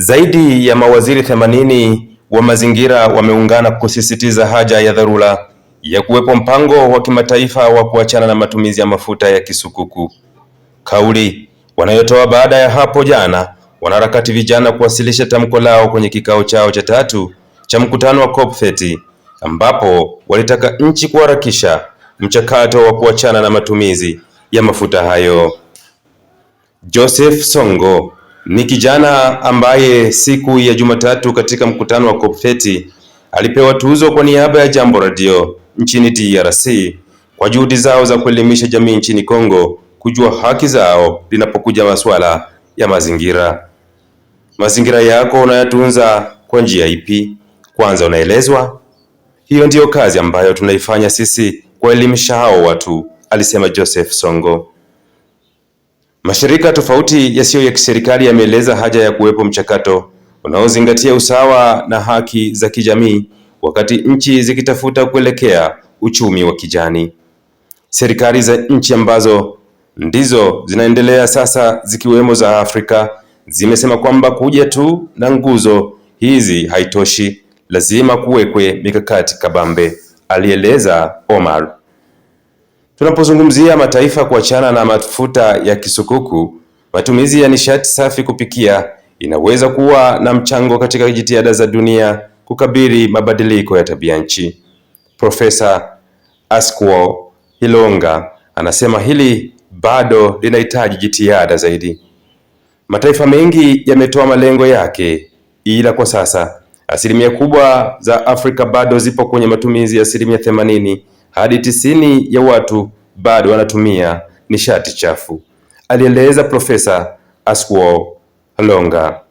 Zaidi ya mawaziri themanini wa mazingira wameungana kusisitiza haja ya dharura ya kuwepo mpango wa kimataifa wa kuachana na matumizi ya mafuta ya kisukuku. Kauli wanayotoa baada ya hapo jana wanaharakati vijana kuwasilisha tamko lao kwenye kikao chao cha tatu cha mkutano wa COP 30 ambapo walitaka nchi kuharakisha mchakato wa kuachana na matumizi ya mafuta hayo. Joseph Songo ni kijana ambaye siku ya Jumatatu katika mkutano wa COP30 alipewa tuzo kwa niaba ya Jambo Radio nchini DRC kwa juhudi zao za kuelimisha jamii nchini Kongo kujua haki zao linapokuja masuala ya mazingira. Mazingira yako unayatunza kwa njia ipi? Kwanza unaelezwa. Hiyo ndiyo kazi ambayo tunaifanya sisi kuwaelimisha hao watu, alisema Joseph Songo. Mashirika tofauti yasiyo ya kiserikali yameeleza haja ya kuwepo mchakato unaozingatia usawa na haki za kijamii wakati nchi zikitafuta kuelekea uchumi wa kijani. Serikali za nchi ambazo ndizo zinaendelea sasa zikiwemo za Afrika zimesema kwamba kuja tu na nguzo hizi haitoshi, lazima kuwekwe mikakati kabambe, alieleza Omar Tunapozungumzia mataifa kuachana na mafuta ya kisukuku, matumizi ya nishati safi kupikia inaweza kuwa na mchango katika jitihada za dunia kukabili mabadiliko ya tabia nchi. Profesa Asquo Hilonga anasema hili bado linahitaji jitihada zaidi. Mataifa mengi yametoa malengo yake, ila kwa sasa asilimia kubwa za Afrika bado zipo kwenye matumizi ya asilimia themanini hadi tisini ya watu bado wanatumia nishati chafu, alieleza Profesa Asquo Alonga.